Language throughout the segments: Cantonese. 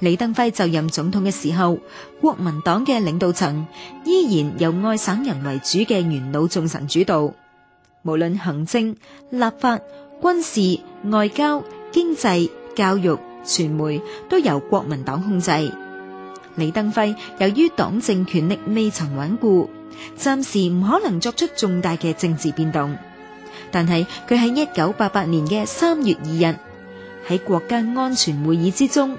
李登輝就任總統嘅時候，國民黨嘅領導層依然由外省人為主嘅元老眾臣主導。無論行政、立法、軍事、外交、經濟、教育、傳媒，都由國民黨控制。李登輝由於黨政權力未曾穩固，暫時唔可能作出重大嘅政治變動。但係佢喺一九八八年嘅三月二日，喺國家安全會議之中，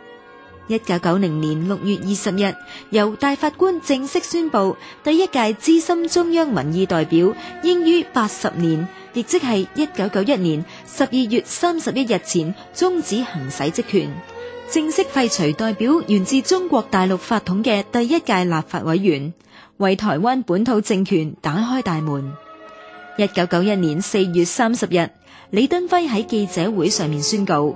一九九零年六月二十日，由大法官正式宣布，第一屆資深中央民意代表應於八十年，亦即係一九九一年十二月三十一日前終止行使職權，正式廢除代表源自中國大陸法統嘅第一屆立法委員，為台灣本土政權打開大門。一九九一年四月三十日，李登輝喺記者會上面宣告。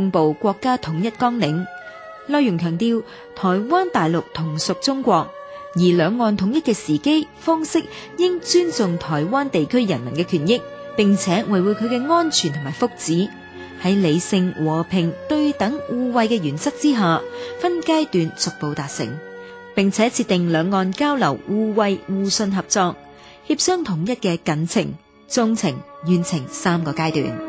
公布國家統一綱領，內容強調台灣、大陸同屬中國，而兩岸統一嘅時機、方式應尊重台灣地區人民嘅權益，並且維護佢嘅安全同埋福祉，喺理性、和平、對等、互惠嘅原則之下，分階段逐步達成，並且設定兩岸交流、互惠、互信合作、協商統一嘅近程、中程、遠程三個階段。